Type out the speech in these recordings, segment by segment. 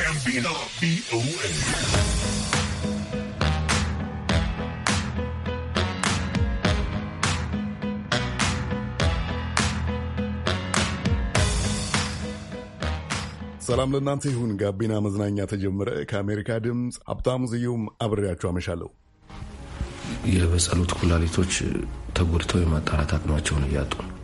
ጋቢና ሰላም ለእናንተ ይሁን። ጋቢና መዝናኛ ተጀመረ። ከአሜሪካ ድምፅ ሀብታሙ ዝዩም አብሬያችሁ አመሻለሁ። የበጸሉት ኩላሊቶች ተጎድተው የማጣራት አቅማቸውን እያጡ ነው።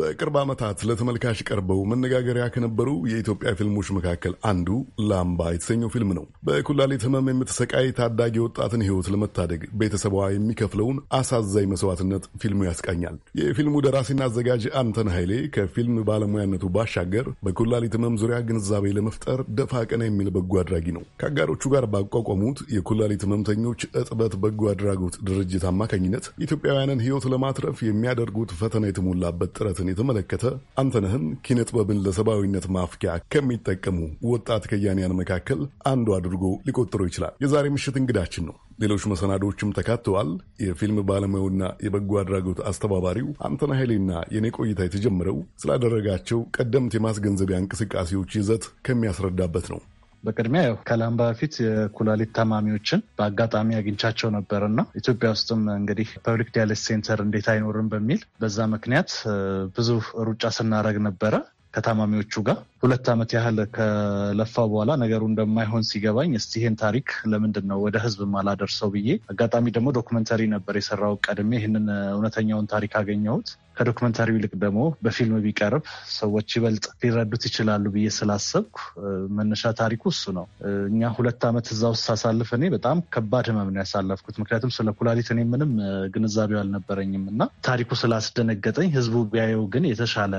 በቅርብ ዓመታት ለተመልካች ቀርበው መነጋገሪያ ከነበሩ የኢትዮጵያ ፊልሞች መካከል አንዱ ላምባ የተሰኘው ፊልም ነው። በኩላሊት ሕመም የምትሰቃይ ታዳጊ ወጣትን ሕይወት ለመታደግ ቤተሰቧ የሚከፍለውን አሳዛኝ መስዋዕትነት ፊልሙ ያስቃኛል። የፊልሙ ደራሲና አዘጋጅ አንተን ኃይሌ ከፊልም ባለሙያነቱ ባሻገር በኩላሊት ሕመም ዙሪያ ግንዛቤ ለመፍጠር ደፋ ቀና የሚል በጎ አድራጊ ነው። ከአጋሮቹ ጋር ባቋቋሙት የኩላሊት ሕመምተኞች እጥበት በጎ አድራጎት ድርጅት አማካኝነት ኢትዮጵያውያንን ሕይወት ለማትረፍ የሚያደርጉት ፈተና የተሞላበት ጥረት ያደረጉትን የተመለከተ አንተነህን ኪነ ጥበብን ለሰብአዊነት ማፍኪያ ከሚጠቀሙ ወጣት ከያንያን መካከል አንዱ አድርጎ ሊቆጥረው ይችላል። የዛሬ ምሽት እንግዳችን ነው። ሌሎች መሰናዶዎችም ተካተዋል። የፊልም ባለሙያውና የበጎ አድራጎት አስተባባሪው አንተነህ ኃይሌና የኔ ቆይታ የተጀመረው ስላደረጋቸው ቀደምት የማስገንዘቢያ እንቅስቃሴዎች ይዘት ከሚያስረዳበት ነው። በቅድሚያ ያው ከላምባ በፊት የኩላሊት ታማሚዎችን በአጋጣሚ አግኝቻቸው ነበር እና ኢትዮጵያ ውስጥም እንግዲህ ፐብሊክ ዲያሊስ ሴንተር እንዴት አይኖርም በሚል በዛ ምክንያት ብዙ ሩጫ ስናደርግ ነበረ ከታማሚዎቹ ጋር ሁለት ዓመት ያህል ከለፋ በኋላ ነገሩ እንደማይሆን ሲገባኝ እስቲ ይህን ታሪክ ለምንድን ነው ወደ ህዝብ ማላደርሰው ብዬ አጋጣሚ ደግሞ ዶክመንተሪ ነበር የሰራው ቀድሜ ይህንን እውነተኛውን ታሪክ አገኘሁት። ከዶክመንታሪው ይልቅ ደግሞ በፊልም ቢቀርብ ሰዎች ይበልጥ ሊረዱት ይችላሉ ብዬ ስላሰብኩ መነሻ ታሪኩ እሱ ነው። እኛ ሁለት ዓመት እዛ ውስጥ ሳሳልፍ እኔ በጣም ከባድ ህመም ነው ያሳለፍኩት። ምክንያቱም ስለ ኩላሊት እኔ ምንም ግንዛቤው አልነበረኝም እና ታሪኩ ስላስደነገጠኝ ህዝቡ ቢያየው ግን የተሻለ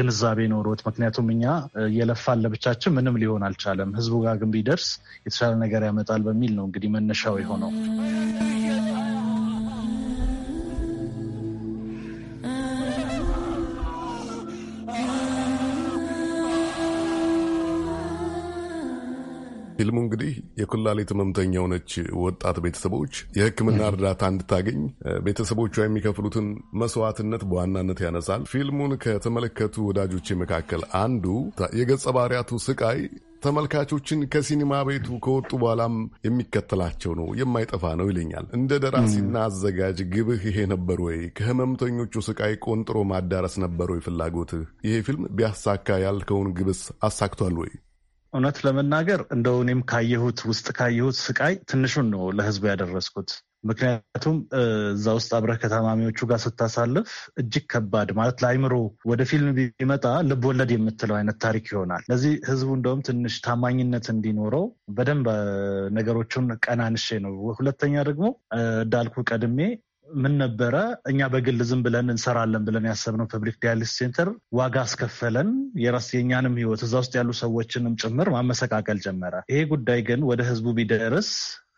ግንዛቤ ኖሮት፣ ምክንያቱም እኛ እየለፋን ለብቻችን ምንም ሊሆን አልቻለም። ህዝቡ ጋር ግን ቢደርስ የተሻለ ነገር ያመጣል በሚል ነው እንግዲህ መነሻው የሆነው። ፊልሙ እንግዲህ የኩላሊት ህመምተኛ የሆነች ወጣት ቤተሰቦች የህክምና እርዳታ እንድታገኝ ቤተሰቦቿ የሚከፍሉትን መስዋዕትነት በዋናነት ያነሳል። ፊልሙን ከተመለከቱ ወዳጆች መካከል አንዱ የገጸ ባህሪያቱ ስቃይ ተመልካቾችን ከሲኒማ ቤቱ ከወጡ በኋላም የሚከተላቸው ነው፣ የማይጠፋ ነው ይለኛል። እንደ ደራሲና አዘጋጅ ግብህ ይሄ ነበር ወይ? ከህመምተኞቹ ስቃይ ቆንጥሮ ማዳረስ ነበር ወይ ፍላጎትህ? ይሄ ፊልም ቢያሳካ ያልከውን ግብስ አሳክቷል ወይ? እውነት ለመናገር እንደው እኔም ካየሁት ውስጥ ካየሁት ስቃይ ትንሹን ነው ለህዝቡ ያደረስኩት። ምክንያቱም እዛ ውስጥ አብረህ ከታማሚዎቹ ጋር ስታሳልፍ እጅግ ከባድ ማለት ለአይምሮ ወደ ፊልም ቢመጣ ልብ ወለድ የምትለው አይነት ታሪክ ይሆናል። ለዚህ ህዝቡ እንደውም ትንሽ ታማኝነት እንዲኖረው በደንብ ነገሮቹን ቀናንሼ ነው። ሁለተኛ ደግሞ እንዳልኩ ቀድሜ ምን ነበረ እኛ በግል ዝም ብለን እንሰራለን ብለን ያሰብነው ፐብሊክ ዲያሊስ ሴንተር ዋጋ አስከፈለን። የራስ የእኛንም ህይወት እዛ ውስጥ ያሉ ሰዎችንም ጭምር ማመሰቃቀል ጀመረ። ይሄ ጉዳይ ግን ወደ ህዝቡ ቢደርስ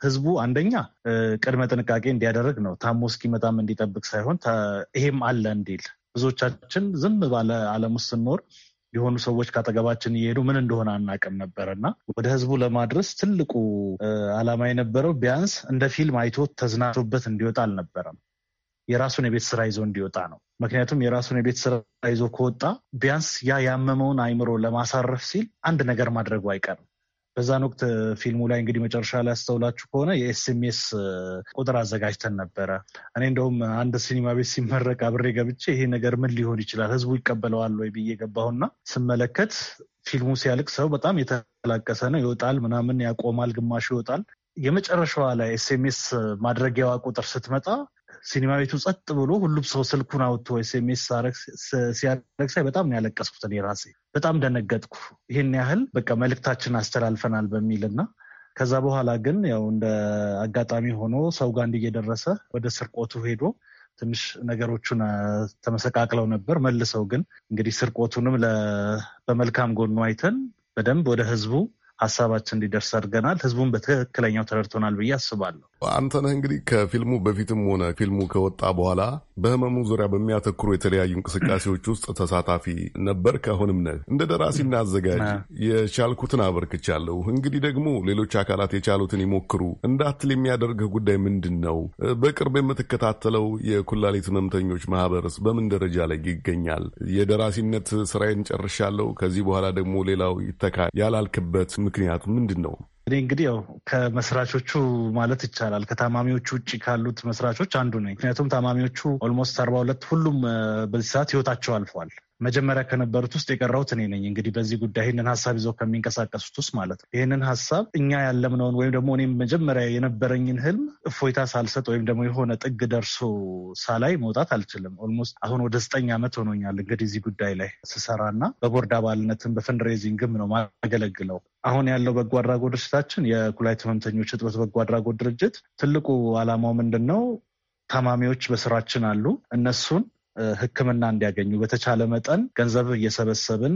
ህዝቡ አንደኛ ቅድመ ጥንቃቄ እንዲያደርግ ነው፣ ታሞ እስኪመጣም እንዲጠብቅ ሳይሆን ይሄም አለ እንዲል ብዙዎቻችን ዝም ባለ አለም ውስጥ ስንኖር የሆኑ ሰዎች ካጠገባችን እየሄዱ ምን እንደሆነ አናውቅም ነበር እና ወደ ህዝቡ ለማድረስ ትልቁ አላማ የነበረው ቢያንስ እንደ ፊልም አይቶ ተዝናቶበት እንዲወጣ አልነበረም። የራሱን የቤት ስራ ይዞ እንዲወጣ ነው። ምክንያቱም የራሱን የቤት ስራ ይዞ ከወጣ ቢያንስ ያ ያመመውን አይምሮ ለማሳረፍ ሲል አንድ ነገር ማድረጉ አይቀርም። በዛን ወቅት ፊልሙ ላይ እንግዲህ መጨረሻ ላይ ያስተውላችሁ ከሆነ የኤስኤምኤስ ቁጥር አዘጋጅተን ነበረ። እኔ እንደውም አንድ ሲኒማ ቤት ሲመረቅ አብሬ ገብቼ ይሄ ነገር ምን ሊሆን ይችላል ህዝቡ ይቀበለዋል ወይ ብዬ ገባሁና ስመለከት ፊልሙ ሲያልቅ ሰው በጣም የተላቀሰ ነው። ይወጣል ምናምን ያቆማል፣ ግማሹ ይወጣል። የመጨረሻዋ ላይ ኤስኤምኤስ ማድረጊያዋ ቁጥር ስትመጣ ሲኒማ ቤቱ ጸጥ ብሎ ሁሉም ሰው ስልኩን አውጥቶ ኤስኤምኤስ ሲያደረግ ሳይ በጣም ነው ያለቀስኩት። እኔ ራሴ በጣም ደነገጥኩ። ይህን ያህል በቃ መልእክታችን አስተላልፈናል በሚል እና ከዛ በኋላ ግን ያው እንደ አጋጣሚ ሆኖ ሰው ጋር እየደረሰ ወደ ስርቆቱ ሄዶ ትንሽ ነገሮቹን ተመሰቃቅለው ነበር። መልሰው ግን እንግዲህ ስርቆቱንም በመልካም ጎኑ አይተን በደንብ ወደ ህዝቡ ሀሳባችን እንዲደርስ አድርገናል። ህዝቡን በትክክለኛው ተረድቶናል ብዬ አስባለሁ። አንተነህ እንግዲህ ከፊልሙ በፊትም ሆነ ፊልሙ ከወጣ በኋላ በህመሙ ዙሪያ በሚያተኩሩ የተለያዩ እንቅስቃሴዎች ውስጥ ተሳታፊ ነበር፣ ከአሁንም ነህ። እንደ ደራሲና አዘጋጅ የቻልኩትን አበርክቻለሁ፣ እንግዲህ ደግሞ ሌሎች አካላት የቻሉትን ይሞክሩ እንዳትል የሚያደርግህ ጉዳይ ምንድን ነው? በቅርብ የምትከታተለው የኩላሊት ህመምተኞች ማህበርስ በምን ደረጃ ላይ ይገኛል? የደራሲነት ስራዬን ጨርሻለሁ፣ ከዚህ በኋላ ደግሞ ሌላው ይተካ ያላልክበት ምክንያት ምንድን ነው? እኔ እንግዲህ ያው ከመስራቾቹ ማለት ይቻላል ከታማሚዎቹ ውጭ ካሉት መስራቾች አንዱ ነኝ። ምክንያቱም ታማሚዎቹ ኦልሞስት አርባ ሁለት ሁሉም በዚህ ሰዓት ህይወታቸው አልፏል። መጀመሪያ ከነበሩት ውስጥ የቀረሁት እኔ ነኝ። እንግዲህ በዚህ ጉዳይ ይህንን ሀሳብ ይዘው ከሚንቀሳቀሱት ውስጥ ማለት ነው። ይህንን ሀሳብ እኛ ያለምነውን ወይም ደግሞ እኔም መጀመሪያ የነበረኝን ህልም እፎይታ ሳልሰጥ ወይም ደግሞ የሆነ ጥግ ደርሶ ሳላይ መውጣት አልችልም። ኦልሞስት አሁን ወደ ዘጠኝ ዓመት ሆኖኛል እንግዲህ እዚህ ጉዳይ ላይ ስሰራና በቦርድ አባልነትም በፈንድሬዚንግም ነው ማገለግለው። አሁን ያለው በጎ አድራጎት ድርጅታችን የኩላሊት ህመምተኞች እጥበት በጎ አድራጎት ድርጅት ትልቁ ዓላማው ምንድን ነው? ታማሚዎች በስራችን አሉ። እነሱን ሕክምና እንዲያገኙ በተቻለ መጠን ገንዘብ እየሰበሰብን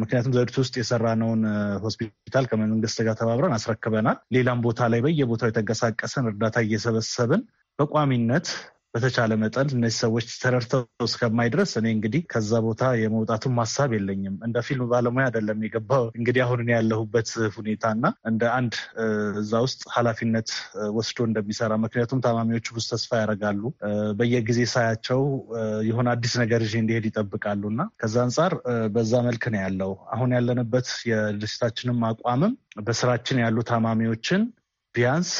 ምክንያቱም ዘድት ውስጥ የሰራነውን ሆስፒታል ከመንግስት ጋር ተባብረን አስረክበናል። ሌላም ቦታ ላይ በየቦታው የተንቀሳቀሰን እርዳታ እየሰበሰብን በቋሚነት በተቻለ መጠን እነዚህ ሰዎች ተረድተው እስከማይድረስ እኔ እንግዲህ ከዛ ቦታ የመውጣቱም ሀሳብ የለኝም። እንደ ፊልም ባለሙያ አይደለም የገባው እንግዲህ አሁን ያለሁበት ሁኔታ እና እንደ አንድ እዛ ውስጥ ኃላፊነት ወስዶ እንደሚሰራ ምክንያቱም ታማሚዎቹ ብዙ ተስፋ ያደርጋሉ። በየጊዜ ሳያቸው የሆነ አዲስ ነገር ይዤ እንዲሄድ ይጠብቃሉ እና ከዛ አንጻር በዛ መልክ ነው ያለው አሁን ያለንበት የድርጅታችንም አቋምም በስራችን ያሉ ታማሚዎችን ቢያንስ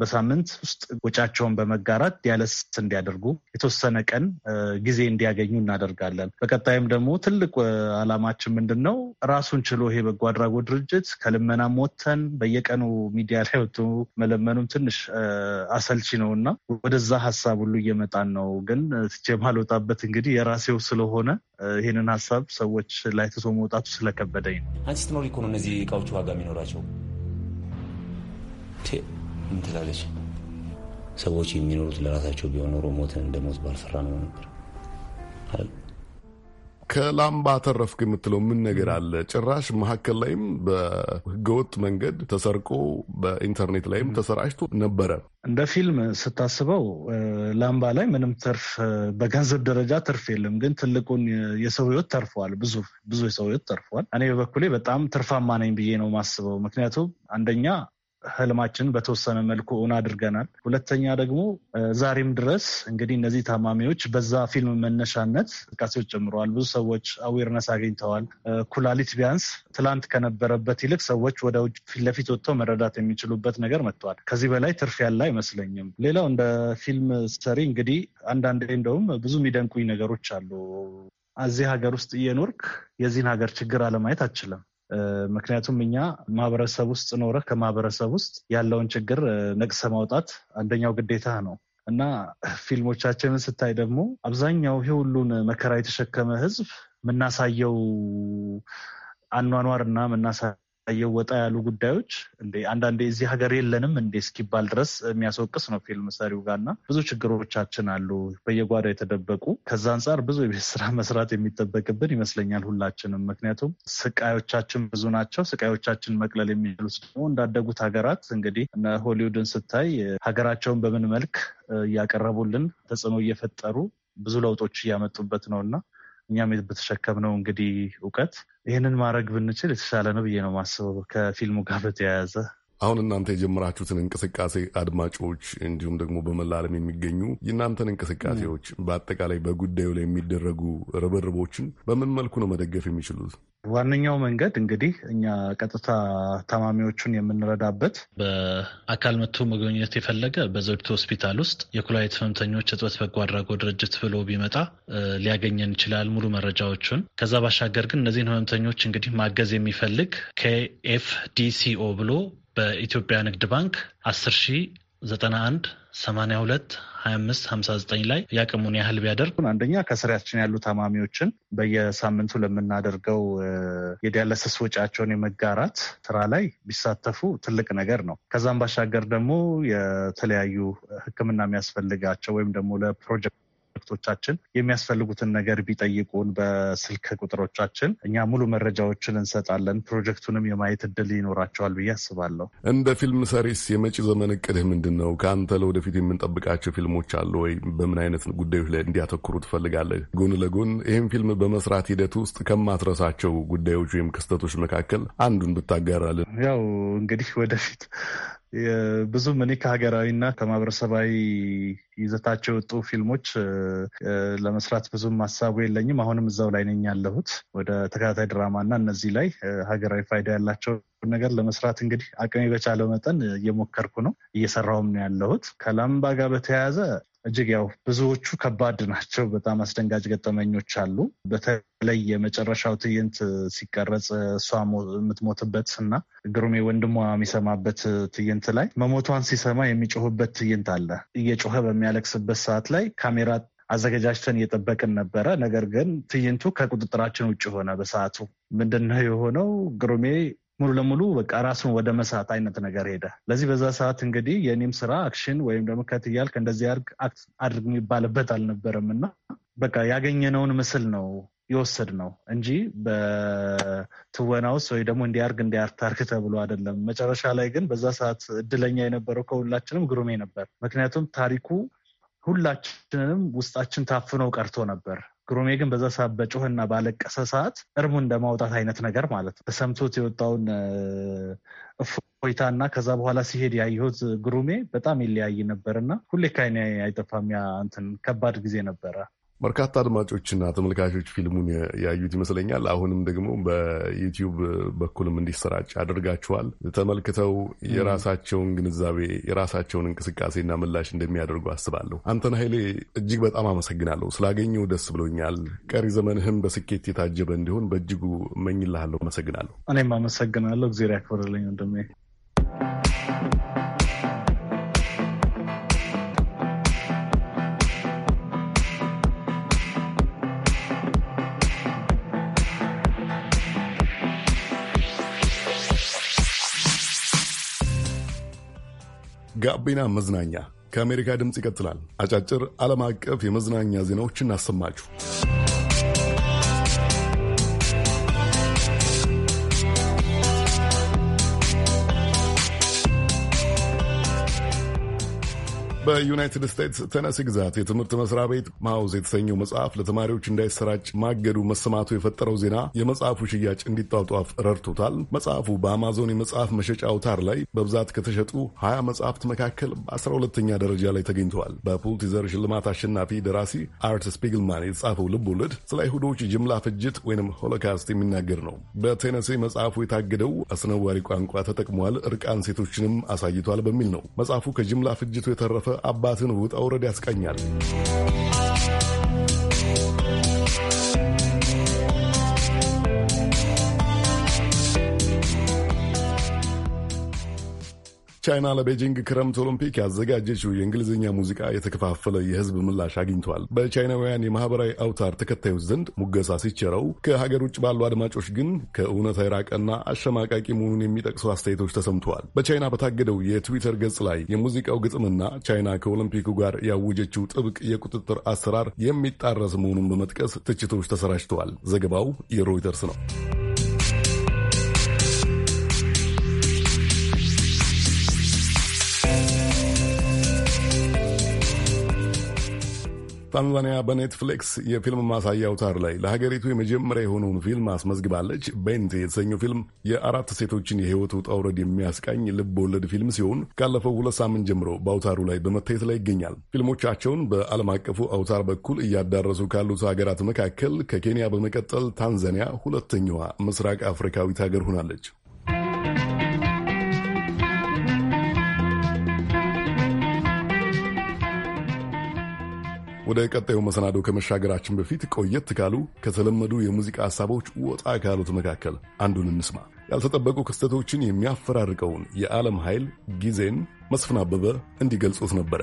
በሳምንት ውስጥ ወጫቸውን በመጋራት ዲያለስስ እንዲያደርጉ የተወሰነ ቀን ጊዜ እንዲያገኙ እናደርጋለን። በቀጣይም ደግሞ ትልቅ አላማችን ምንድን ነው? ራሱን ችሎ ይሄ በጎ አድራጎት ድርጅት ከልመናም ወጥተን በየቀኑ ሚዲያ ላይ ወጥቶ መለመኑም ትንሽ አሰልቺ ነው እና ወደዛ ሀሳብ ሁሉ እየመጣን ነው። ግን ትቼ ማልወጣበት እንግዲህ የራሴው ስለሆነ ይህንን ሀሳብ ሰዎች ላይ ትቶ መውጣቱ ስለከበደኝ ነው። አንቺ ስትኖሪ እኮ ነው እነዚህ እቃዎች ዋጋ የሚኖራቸው ምትላለች። ሰዎች የሚኖሩት ለራሳቸው ቢሆን ኖሮ ሞትን እንደ ሞት ባልፈራ ነው ነበር። ከላምባ ተረፍክ የምትለው ምን ነገር አለ? ጭራሽ መካከል ላይም በህገወጥ መንገድ ተሰርቆ በኢንተርኔት ላይም ተሰራጭቶ ነበረ። እንደ ፊልም ስታስበው ላምባ ላይ ምንም ትርፍ በገንዘብ ደረጃ ትርፍ የለም፣ ግን ትልቁን የሰው ህይወት ተርፏል። ብዙ ብዙ የሰው ህይወት ተርፈዋል። እኔ በበኩሌ በጣም ትርፋማ ነኝ ብዬ ነው ማስበው። ምክንያቱም አንደኛ ህልማችን በተወሰነ መልኩ እውን አድርገናል። ሁለተኛ ደግሞ ዛሬም ድረስ እንግዲህ እነዚህ ታማሚዎች በዛ ፊልም መነሻነት እንቅስቃሴዎች ጀምረዋል። ብዙ ሰዎች አዌርነስ አግኝተዋል። ኩላሊት ቢያንስ ትላንት ከነበረበት ይልቅ ሰዎች ወደ ውጭ ፊት ለፊት ወጥተው መረዳት የሚችሉበት ነገር መጥተዋል። ከዚህ በላይ ትርፍ ያለ አይመስለኝም። ሌላው እንደ ፊልም ሰሪ እንግዲህ አንዳንዴ እንደውም ብዙ የሚደንቁኝ ነገሮች አሉ። እዚህ ሀገር ውስጥ እየኖርክ የዚህን ሀገር ችግር አለማየት አችልም። ምክንያቱም እኛ ማህበረሰብ ውስጥ ኖረህ ከማህበረሰብ ውስጥ ያለውን ችግር ነቅሰ ማውጣት አንደኛው ግዴታ ነው እና ፊልሞቻችንን ስታይ ደግሞ አብዛኛው ይህ ሁሉን መከራ የተሸከመ ህዝብ የምናሳየው አኗኗር እና የምናሳ የሚታየው ወጣ ያሉ ጉዳዮች እንዴ አንዳንዴ እዚህ ሀገር የለንም እንዴ እስኪባል ድረስ የሚያስወቅስ ነው ፊልም ሰሪው ጋር እና ብዙ ችግሮቻችን አሉ በየጓዳ የተደበቁ። ከዛ አንጻር ብዙ የቤት ስራ መስራት የሚጠበቅብን ይመስለኛል ሁላችንም። ምክንያቱም ስቃዮቻችን ብዙ ናቸው። ስቃዮቻችን መቅለል የሚችሉት ደግሞ እንዳደጉት ሀገራት እንግዲህ እነ ሆሊውድን ስታይ ሀገራቸውን በምን መልክ እያቀረቡልን ተጽዕኖ እየፈጠሩ ብዙ ለውጦች እያመጡበት ነው እና እኛም በተሸከምነው እንግዲህ እውቀት ይህንን ማድረግ ብንችል የተሻለ ነው ብዬ ነው ማስበው ከፊልሙ ጋር በተያያዘ አሁን እናንተ የጀመራችሁትን እንቅስቃሴ አድማጮች እንዲሁም ደግሞ በመላ ዓለም የሚገኙ የእናንተን እንቅስቃሴዎች በአጠቃላይ በጉዳዩ ላይ የሚደረጉ ርብርቦችን በምን መልኩ ነው መደገፍ የሚችሉት? ዋነኛው መንገድ እንግዲህ እኛ ቀጥታ ታማሚዎቹን የምንረዳበት በአካል መጥቶ መገኘት የፈለገ በዘውዲቱ ሆስፒታል ውስጥ የኩላሊት ህመምተኞች እጥበት በጎ አድራጎት ድርጅት ብሎ ቢመጣ ሊያገኘን ይችላል ሙሉ መረጃዎቹን። ከዛ ባሻገር ግን እነዚህን ህመምተኞች እንግዲህ ማገዝ የሚፈልግ ከኤፍዲሲኦ ብሎ በኢትዮጵያ ንግድ ባንክ 10 ሺህ 91 82 25 59 ላይ ያቅሙን ያህል ቢያደርግ አንደኛ ከስራችን ያሉ ታማሚዎችን በየሳምንቱ ለምናደርገው የዲያለሰስ ወጪያቸውን የመጋራት ስራ ላይ ቢሳተፉ ትልቅ ነገር ነው። ከዛም ባሻገር ደግሞ የተለያዩ ሕክምና የሚያስፈልጋቸው ወይም ደግሞ ለፕሮጀክት ፕሮጀክቶቻችን የሚያስፈልጉትን ነገር ቢጠይቁን በስልክ ቁጥሮቻችን እኛ ሙሉ መረጃዎችን እንሰጣለን። ፕሮጀክቱንም የማየት እድል ይኖራቸዋል ብዬ አስባለሁ። እንደ ፊልም ሰሪስ የመጪ ዘመን እቅድህ ምንድን ነው? ከአንተ ለወደፊት የምንጠብቃቸው ፊልሞች አሉ ወይ? በምን አይነት ጉዳዮች ላይ እንዲያተኩሩ ትፈልጋለህ? ጎን ለጎን ይህም ፊልም በመስራት ሂደት ውስጥ ከማትረሳቸው ጉዳዮች ወይም ክስተቶች መካከል አንዱን ብታጋራልን። ያው እንግዲህ ወደፊት ብዙም እኔ ከሀገራዊና ከማህበረሰባዊ ይዘታቸው የወጡ ፊልሞች ለመስራት ብዙም ሀሳቡ የለኝም። አሁንም እዛው ላይ ነኝ ያለሁት ወደ ተከታታይ ድራማ እና እነዚህ ላይ ሀገራዊ ፋይዳ ያላቸው ነገር ለመስራት እንግዲህ አቅሜ በቻለው መጠን እየሞከርኩ ነው፣ እየሰራውም ነው ያለሁት። ከላምባ ጋር በተያያዘ እጅግ ያው ብዙዎቹ ከባድ ናቸው። በጣም አስደንጋጭ ገጠመኞች አሉ። በተለይ የመጨረሻው ትዕይንት ሲቀረጽ እሷ የምትሞትበት እና ግሩሜ ወንድሟ የሚሰማበት ትዕይንት ላይ መሞቷን ሲሰማ የሚጮህበት ትዕይንት አለ። እየጮኸ በሚያለቅስበት ሰዓት ላይ ካሜራ አዘገጃጅተን እየጠበቅን ነበረ። ነገር ግን ትዕይንቱ ከቁጥጥራችን ውጭ ሆነ። በሰዓቱ ምንድን ነው የሆነው? ግሩሜ ሙሉ ለሙሉ በቃ ራሱን ወደ መሳት አይነት ነገር ሄደ። ለዚህ በዛ ሰዓት እንግዲህ የእኔም ስራ አክሽን ወይም ደግሞ ከትያልክ እንደዚህ አክት አድርግ የሚባልበት አልነበረም እና በቃ ያገኘነውን ምስል ነው የወሰድ ነው እንጂ በትወና ውስጥ ወይ ደግሞ እንዲያርግ እንዲያርታርግ ተብሎ አይደለም። መጨረሻ ላይ ግን በዛ ሰዓት እድለኛ የነበረው ከሁላችንም ግሩሜ ነበር። ምክንያቱም ታሪኩ ሁላችንም ውስጣችን ታፍኖ ቀርቶ ነበር። ግሩሜ ግን በዛ ሰዓት በጮህና ባለቀሰ ሰዓት እርሙ እንደማውጣት አይነት ነገር ማለት ነው። ተሰምቶት የወጣውን እፎይታና ከዛ በኋላ ሲሄድ ያየሁት ግሩሜ በጣም ይለያይ ነበር እና ሁሌ ከዓይኔ አይጠፋም። ያ እንትን ከባድ ጊዜ ነበረ። በርካታ አድማጮችና ተመልካቾች ፊልሙን ያዩት ይመስለኛል። አሁንም ደግሞ በዩቲዩብ በኩልም እንዲሰራጭ አድርጋችኋል። ተመልክተው የራሳቸውን ግንዛቤ የራሳቸውን እንቅስቃሴና ምላሽ እንደሚያደርጉ አስባለሁ። አንተን ኃይሌ እጅግ በጣም አመሰግናለሁ። ስላገኘው ደስ ብሎኛል። ቀሪ ዘመንህም በስኬት የታጀበ እንዲሆን በእጅጉ እመኝልሃለሁ። አመሰግናለሁ። እኔም አመሰግናለሁ። እግዜር ያክብርልኝ ወንድሜ። ጋቢና መዝናኛ ከአሜሪካ ድምፅ ይቀጥላል። አጫጭር ዓለም አቀፍ የመዝናኛ ዜናዎችን አሰማችሁ። በዩናይትድ ስቴትስ ቴነሲ ግዛት የትምህርት መስሪያ ቤት ማውዝ የተሰኘው መጽሐፍ ለተማሪዎች እንዳይሰራጭ ማገዱ መሰማቱ የፈጠረው ዜና የመጽሐፉ ሽያጭ እንዲጧጧፍ ረድቶታል። መጽሐፉ በአማዞን የመጽሐፍ መሸጫ አውታር ላይ በብዛት ከተሸጡ 20 መጽሐፍት መካከል በ12ኛ ደረጃ ላይ ተገኝተዋል። በፑልቲዘር ሽልማት አሸናፊ ደራሲ አርት ስፒግልማን የተጻፈው ልብ ወለድ ስለ አይሁዶች ጅምላ ፍጅት ወይም ሆሎካስት የሚናገር ነው። በቴነሲ መጽሐፉ የታገደው አስነዋሪ ቋንቋ ተጠቅሟል፣ እርቃን ሴቶችንም አሳይቷል በሚል ነው። መጽሐፉ ከጅምላ ፍጅቱ የተረፈ አባትን ውጣ ውረድ ያስቀኛል። ቻይና ለቤጂንግ ክረምት ኦሎምፒክ ያዘጋጀችው የእንግሊዝኛ ሙዚቃ የተከፋፈለ የህዝብ ምላሽ አግኝቷል። በቻይናውያን የማህበራዊ አውታር ተከታዮች ዘንድ ሙገሳ ሲቸረው፣ ከሀገር ውጭ ባሉ አድማጮች ግን ከእውነት የራቀና አሸማቃቂ መሆኑን የሚጠቅሱ አስተያየቶች ተሰምተዋል። በቻይና በታገደው የትዊተር ገጽ ላይ የሙዚቃው ግጥምና ቻይና ከኦሎምፒኩ ጋር ያወጀችው ጥብቅ የቁጥጥር አሰራር የሚጣረስ መሆኑን በመጥቀስ ትችቶች ተሰራጭተዋል። ዘገባው የሮይተርስ ነው። ታንዛኒያ በኔትፍሊክስ የፊልም ማሳያ አውታር ላይ ለሀገሪቱ የመጀመሪያ የሆነውን ፊልም አስመዝግባለች። ቤንት የተሰኘው ፊልም የአራት ሴቶችን የህይወት ውጣ ውረድ የሚያስቃኝ ልብ ወለድ ፊልም ሲሆን ካለፈው ሁለት ሳምንት ጀምሮ በአውታሩ ላይ በመታየት ላይ ይገኛል። ፊልሞቻቸውን በዓለም አቀፉ አውታር በኩል እያዳረሱ ካሉት ሀገራት መካከል ከኬንያ በመቀጠል ታንዛኒያ ሁለተኛዋ ምስራቅ አፍሪካዊት ሀገር ሆናለች። ወደ ቀጣዩ መሰናዶ ከመሻገራችን በፊት ቆየት ካሉ ከተለመዱ የሙዚቃ ሀሳቦች ወጣ ካሉት መካከል አንዱን እንስማ። ያልተጠበቁ ክስተቶችን የሚያፈራርቀውን የዓለም ኃይል ጊዜን መስፍን አበበ እንዲገልጹት ነበረ።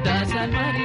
doesn't matter.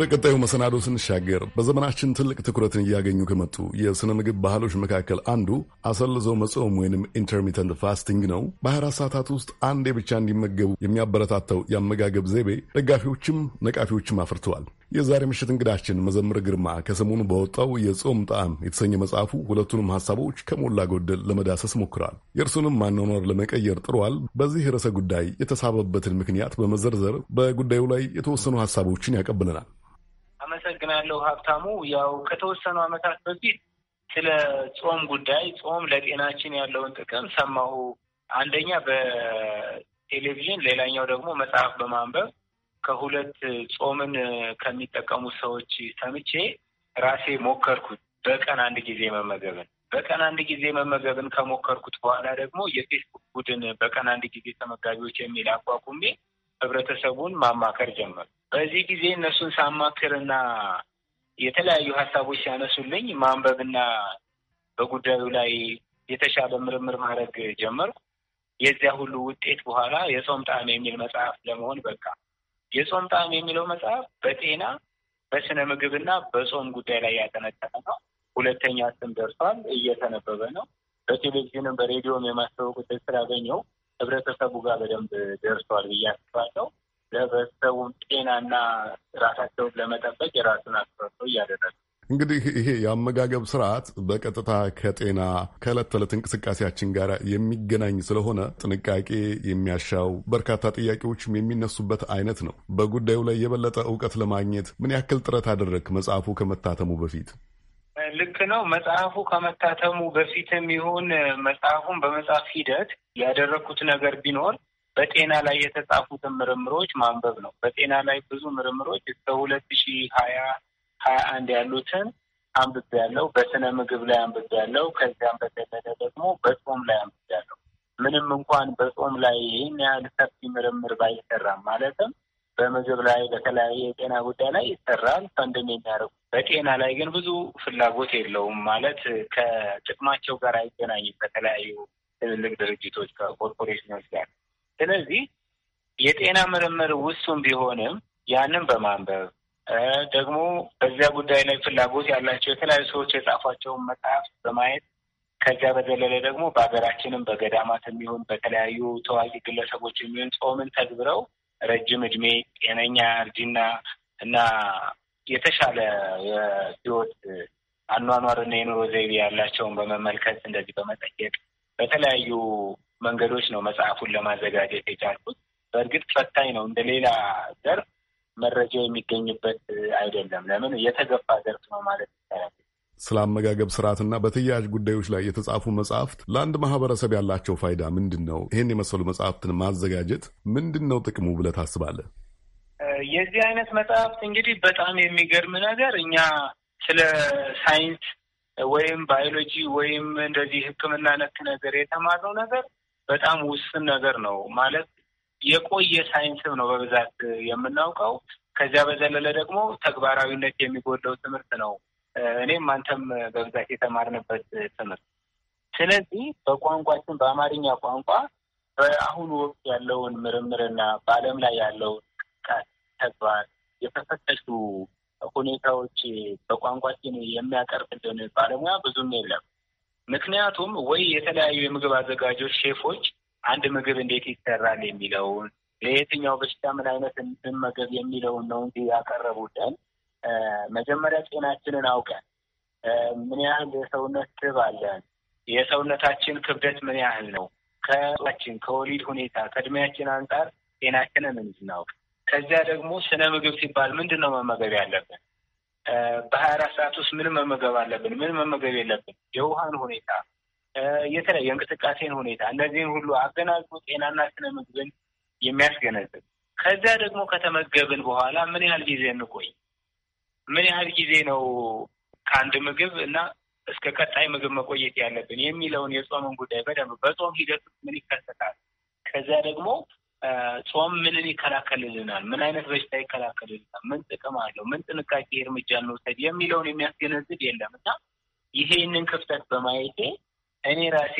ወደ ቀጣዩ መሰናዶ ስንሻገር በዘመናችን ትልቅ ትኩረትን እያገኙ ከመጡ የሥነ ምግብ ባህሎች መካከል አንዱ አሰልዘው መጾም ወይንም ኢንተርሚተንት ፋስቲንግ ነው። በ24 ሰዓታት ውስጥ አንዴ ብቻ እንዲመገቡ የሚያበረታተው የአመጋገብ ዘይቤ ደጋፊዎችም ነቃፊዎችም አፍርተዋል። የዛሬ ምሽት እንግዳችን መዘምር ግርማ ከሰሞኑ በወጣው የጾም ጣዕም የተሰኘ መጽሐፉ ሁለቱንም ሀሳቦች ከሞላ ጎደል ለመዳሰስ ሞክረዋል። የእርሱንም ማኗኗር ለመቀየር ጥሯል። በዚህ ርዕሰ ጉዳይ የተሳበበትን ምክንያት በመዘርዘር በጉዳዩ ላይ የተወሰኑ ሀሳቦችን ያቀብለናል። አመሰግናለሁ ሀብታሙ። ያው ከተወሰኑ ዓመታት በፊት ስለ ጾም ጉዳይ ጾም ለጤናችን ያለውን ጥቅም ሰማሁ። አንደኛ በቴሌቪዥን ሌላኛው ደግሞ መጽሐፍ በማንበብ ከሁለት ጾምን ከሚጠቀሙ ሰዎች ሰምቼ ራሴ ሞከርኩት። በቀን አንድ ጊዜ መመገብን በቀን አንድ ጊዜ መመገብን ከሞከርኩት በኋላ ደግሞ የፌስቡክ ቡድን በቀን አንድ ጊዜ ተመጋቢዎች የሚል አቋቁሜ ህብረተሰቡን ማማከር ጀመርኩ። በዚህ ጊዜ እነሱን ሳማክርና የተለያዩ ሀሳቦች ሲያነሱልኝ ማንበብና በጉዳዩ ላይ የተሻለ ምርምር ማድረግ ጀመርኩ። የዚያ ሁሉ ውጤት በኋላ የጾም ጣዕም የሚል መጽሐፍ ለመሆን በቃ። የጾም ጣዕም የሚለው መጽሐፍ በጤና በስነ ምግብና በጾም ጉዳይ ላይ ያጠነጠነ ነው። ሁለተኛ ስም ደርሷል፣ እየተነበበ ነው። በቴሌቪዥንም በሬዲዮም የማስታወቅ ስላገኘው ህብረተሰቡ ጋር በደንብ ደርሷል ብዬ አስባለሁ። ለበሰቡን ጤናና ራሳቸውን ለመጠበቅ የራሱን አስተዋጽኦ እያደረገ እንግዲህ ይሄ የአመጋገብ ስርዓት በቀጥታ ከጤና ከዕለት ተዕለት እንቅስቃሴያችን ጋር የሚገናኝ ስለሆነ ጥንቃቄ የሚያሻው በርካታ ጥያቄዎችም የሚነሱበት አይነት ነው። በጉዳዩ ላይ የበለጠ እውቀት ለማግኘት ምን ያክል ጥረት አደረግ? መጽሐፉ ከመታተሙ በፊት ልክ ነው። መጽሐፉ ከመታተሙ በፊትም ይሁን መጽሐፉን በመጽሐፍ ሂደት ያደረግኩት ነገር ቢኖር በጤና ላይ የተጻፉትን ምርምሮች ማንበብ ነው። በጤና ላይ ብዙ ምርምሮች እስከ ሁለት ሺ ሀያ ሀያ አንድ ያሉትን አንብብ ያለው በስነ ምግብ ላይ አንብብ ያለው ከዚያም በተለለ ደግሞ በጾም ላይ አንብብ ያለው ምንም እንኳን በጾም ላይ ይህን ያህል ሰፊ ምርምር ባይሰራም ማለትም በምግብ ላይ በተለያየ የጤና ጉዳይ ላይ ይሰራል። ፈንድም የሚያደርጉ በጤና ላይ ግን ብዙ ፍላጎት የለውም ማለት ከጥቅማቸው ጋር አይገናኝም። ከተለያዩ ትልልቅ ድርጅቶች ከኮርፖሬሽኖች ጋር ስለዚህ የጤና ምርምር ውሱን ቢሆንም ያንን በማንበብ ደግሞ በዚያ ጉዳይ ላይ ፍላጎት ያላቸው የተለያዩ ሰዎች የጻፏቸውን መጽሐፍ በማየት ከዚያ በዘለለ ደግሞ በሀገራችንም በገዳማት የሚሆን በተለያዩ ተዋቂ ግለሰቦች የሚሆን ጾምን ተግብረው ረጅም እድሜ፣ ጤነኛ እርጅና እና የተሻለ ህይወት አኗኗርና የኑሮ ዘይቤ ያላቸውን በመመልከት እንደዚህ በመጠየቅ በተለያዩ መንገዶች ነው መጽሐፉን ለማዘጋጀት የቻልኩት። በእርግጥ ፈታኝ ነው። እንደ ሌላ ዘርፍ መረጃ የሚገኝበት አይደለም። ለምን የተገፋ ዘርፍ ነው ማለት ይቻላል። ስለ አመጋገብ ስርዓትና በተያያዥ ጉዳዮች ላይ የተጻፉ መጽሐፍት ለአንድ ማህበረሰብ ያላቸው ፋይዳ ምንድን ነው? ይህን የመሰሉ መጽሐፍትን ማዘጋጀት ምንድን ነው ጥቅሙ ብለህ ታስባለህ? የዚህ አይነት መጽሐፍት እንግዲህ በጣም የሚገርም ነገር እኛ ስለ ሳይንስ ወይም ባዮሎጂ ወይም እንደዚህ ሕክምና ነክ ነገር የተማረው ነገር በጣም ውስን ነገር ነው ማለት የቆየ ሳይንስም ነው በብዛት የምናውቀው። ከዚያ በዘለለ ደግሞ ተግባራዊነት የሚጎደው ትምህርት ነው። እኔም አንተም በብዛት የተማርንበት ትምህርት። ስለዚህ በቋንቋችን በአማርኛ ቋንቋ በአሁኑ ወቅት ያለውን ምርምርና በዓለም ላይ ያለውን ቃል ተግባር የተፈተሹ ሁኔታዎች በቋንቋችን የሚያቀርብልን ባለሙያ ብዙም የለም። ምክንያቱም ወይ የተለያዩ የምግብ አዘጋጆች ሼፎች አንድ ምግብ እንዴት ይሰራል የሚለውን ለየትኛው በሽታ ምን አይነት እንመገብ የሚለውን ነው እንጂ ያቀረቡልን መጀመሪያ ጤናችንን አውቀን ምን ያህል የሰውነት ስብ አለን፣ የሰውነታችን ክብደት ምን ያህል ነው፣ ከችን ከወሊድ ሁኔታ ከእድሜያችን አንጻር ጤናችንን እንድናውቅ ከዚያ ደግሞ ስነ ምግብ ሲባል ምንድን ነው መመገብ ያለብን በሀያ አራት ሰዓት ውስጥ ምን መመገብ አለብን፣ ምን መመገብ የለብን፣ የውሃን ሁኔታ፣ የተለያዩ የእንቅስቃሴን ሁኔታ እነዚህን ሁሉ አገናዝቦ ጤናና ስነ ምግብን የሚያስገነዝብ ከዚያ ደግሞ ከተመገብን በኋላ ምን ያህል ጊዜ እንቆይ፣ ምን ያህል ጊዜ ነው ከአንድ ምግብ እና እስከ ቀጣይ ምግብ መቆየት ያለብን የሚለውን የጾምን ጉዳይ በደንብ በጾም ሂደት ውስጥ ምን ይከሰታል፣ ከዚያ ደግሞ ጾም ምንን ይከላከልልናል? ምን አይነት በሽታ ይከላከልልናል? ምን ጥቅም አለው? ምን ጥንቃቄ እርምጃ እንውሰድ? የሚለውን የሚያስገነዝብ የለም እና ይሄንን ክፍተት በማየቴ እኔ ራሴ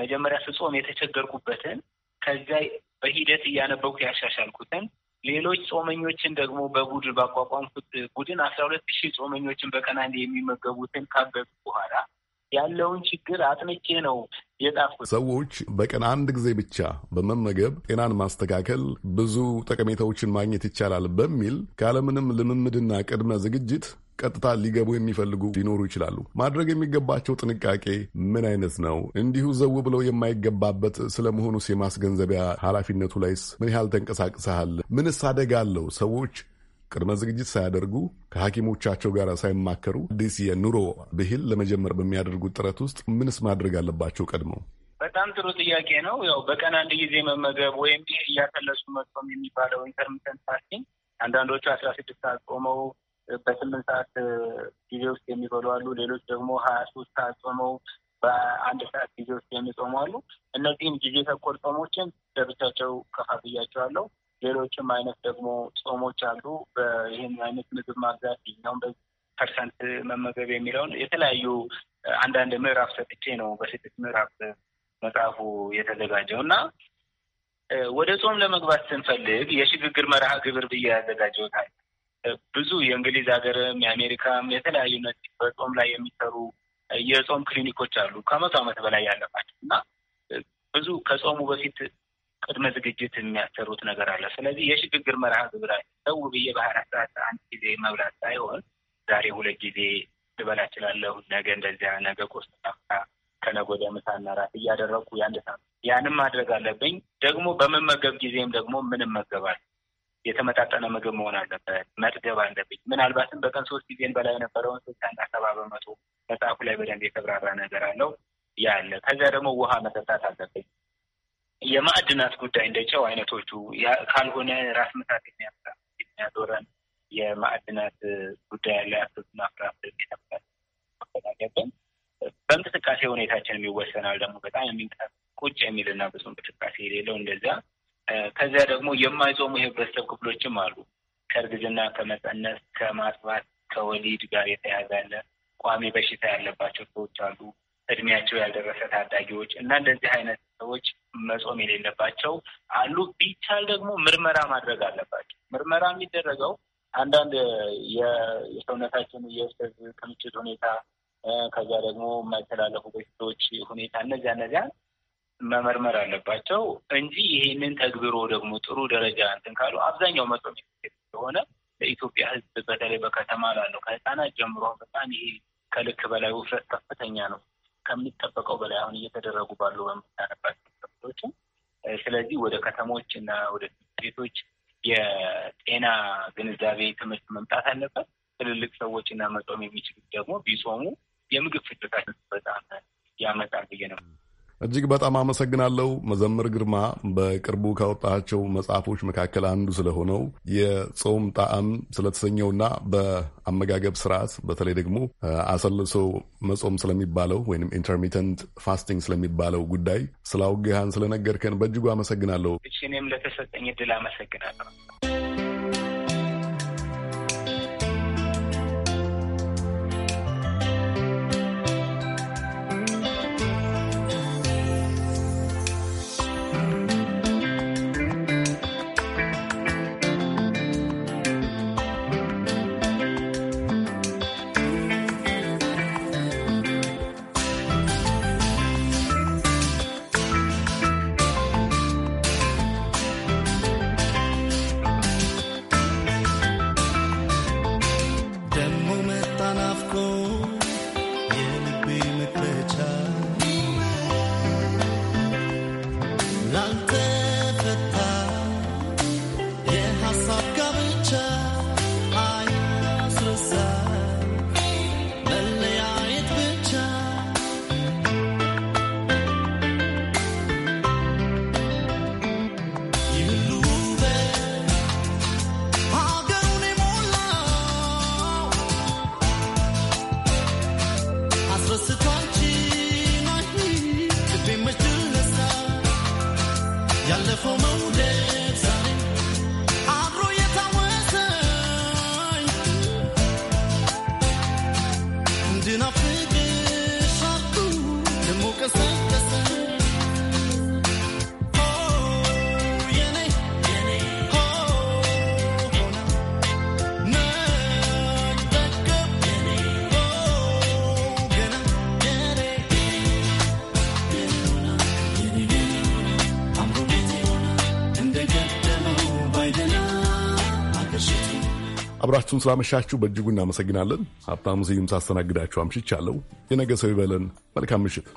መጀመሪያ ስጾም የተቸገርኩበትን ከዚያ በሂደት እያነበብኩ ያሻሻልኩትን ሌሎች ጾመኞችን ደግሞ በቡድን ባቋቋምኩት ቡድን አስራ ሁለት ሺህ ጾመኞችን በቀን አንዴ የሚመገቡትን ካበብኩ በኋላ ያለውን ችግር አጥንቼ ነው የጣፍኩት። ሰዎች በቀን አንድ ጊዜ ብቻ በመመገብ ጤናን ማስተካከል ብዙ ጠቀሜታዎችን ማግኘት ይቻላል በሚል ካለምንም ልምምድና ቅድመ ዝግጅት ቀጥታ ሊገቡ የሚፈልጉ ሊኖሩ ይችላሉ። ማድረግ የሚገባቸው ጥንቃቄ ምን አይነት ነው? እንዲሁ ዘው ብለው የማይገባበት ስለመሆኑስ የማስገንዘቢያ ኃላፊነቱ ላይስ ምን ያህል ተንቀሳቅሰሃል? ምንስ አደጋ አለው? ሰዎች ቅድመ ዝግጅት ሳያደርጉ ከሐኪሞቻቸው ጋር ሳይማከሩ አዲስ የኑሮ ብሂል ለመጀመር በሚያደርጉት ጥረት ውስጥ ምንስ ማድረግ አለባቸው? ቀድመው በጣም ጥሩ ጥያቄ ነው። ያው በቀን አንድ ጊዜ መመገብ ወይም ይህ እያፈለሱ መጾም የሚባለው ኢንተርሚተንት ፋስቲንግ አንዳንዶቹ አስራ ስድስት ሰዓት ጾመው በስምንት ሰዓት ጊዜ ውስጥ የሚበሉ አሉ። ሌሎች ደግሞ ሀያ ሶስት ሰዓት ጾመው በአንድ ሰዓት ጊዜ ውስጥ የሚጾሙ አሉ። እነዚህም ጊዜ ተኮር ጾሞችን ለብቻቸው ከፋፍያቸዋለሁ። ሌሎችም አይነት ደግሞ ጾሞች አሉ። ይህን አይነት ምግብ ማብዛት ይኛውም ፐርሰንት መመገብ የሚለውን የተለያዩ አንዳንድ ምዕራፍ ሰጥቼ ነው በስድስት ምዕራፍ መጽሐፉ የተዘጋጀው እና ወደ ጾም ለመግባት ስንፈልግ የሽግግር መርሃ ግብር ብዬ ያዘጋጀውታል። ብዙ የእንግሊዝ ሀገርም የአሜሪካም የተለያዩ ነዚህ በጾም ላይ የሚሰሩ የጾም ክሊኒኮች አሉ ከመቶ ዓመት በላይ ያለባቸው እና ብዙ ከጾሙ በፊት ቅድመ ዝግጅት የሚያሰሩት ነገር አለ። ስለዚህ የሽግግር መርሃ ግብራ ሰው ብዬ ባህር አስራት አንድ ጊዜ መብላት ሳይሆን ዛሬ ሁለት ጊዜ ልበላ እችላለሁ፣ ነገ እንደዚያ፣ ነገ ቁርስ ናፍታ፣ ከነገ ወዲያ ምሳና ራት እያደረጉ የአንድ ሳምንት ያንም ማድረግ አለብኝ። ደግሞ በምመገብ ጊዜም ደግሞ ምን እመገባለሁ? የተመጣጠነ ምግብ መሆን አለበት፣ መጥገብ አለብኝ። ምናልባትም በቀን ሶስት ጊዜን በላይ የነበረውን ስልሳ አንድ ሰባ በመቶ መጽሐፉ ላይ በደንብ የተብራራ ነገር አለው ያለ ከዚያ ደግሞ ውሃ መጠጣት አለብኝ። የማዕድናት ጉዳይ እንደ ጨው አይነቶቹ ካልሆነ ራስ ምታት የሚያምጣ የሚያዞረን የማዕድናት ጉዳይ ያለ አትክልትና ፍራፍሬ ያለብን በእንቅስቃሴ ሁኔታችን የሚወሰናል። ደግሞ በጣም የሚንቀ ቁጭ የሚልና ብዙ እንቅስቃሴ የሌለው እንደዚያ። ከዚያ ደግሞ የማይጾሙ የህብረተሰብ ክፍሎችም አሉ። ከእርግዝና ከመጸነስ ከማጥባት፣ ከወሊድ ጋር የተያዘ ያለ ቋሚ በሽታ ያለባቸው ሰዎች አሉ። እድሜያቸው ያልደረሰ ታዳጊዎች እና እንደዚህ አይነት መጾም የሌለባቸው አሉ። ቢቻል ደግሞ ምርመራ ማድረግ አለባቸው። ምርመራ የሚደረገው አንዳንድ የሰውነታችን የእርሰዝ ክምችት ሁኔታ ከዛ ደግሞ የማይተላለፉ በሽታዎች ሁኔታ እነዚያ እነዚያ መመርመር አለባቸው እንጂ ይሄንን ተግብሮ ደግሞ ጥሩ ደረጃ እንትን ካሉ አብዛኛው መጾም ስለሆነ ለኢትዮጵያ ሕዝብ በተለይ በከተማ ላለው ከህፃናት ጀምሮ በጣም ይሄ ከልክ በላይ ውፍረት ከፍተኛ ነው። ከሚጠበቀው በላይ አሁን እየተደረጉ ባሉ ስለዚህ ወደ ከተሞች እና ወደ ቤቶች የጤና ግንዛቤ ትምህርት መምጣት አለበት። ትልልቅ ሰዎች እና መጾም የሚችሉት ደግሞ ቢጾሙ የምግብ ፍጆታቸው በጣም ያመጣል ብዬ ነው እጅግ በጣም አመሰግናለሁ። መዘምር ግርማ በቅርቡ ካወጣቸው መጽሐፎች መካከል አንዱ ስለሆነው የጾም ጣዕም ስለተሰኘውና በአመጋገብ ስርዓት በተለይ ደግሞ አሰልሶ መጾም ስለሚባለው ወይም ኢንተርሚተንት ፋስቲንግ ስለሚባለው ጉዳይ ስላውግሃን ስለነገርከን በእጅጉ አመሰግናለሁ። እኔም ለተሰጠኝ እድል አመሰግናለሁ። አብራችሁን ስላመሻችሁ በእጅጉ እናመሰግናለን። ሀብታሙ ስዩም ሳስተናግዳችሁ አምሽቻለሁ። የነገ ሰው ይበለን። መልካም ምሽት።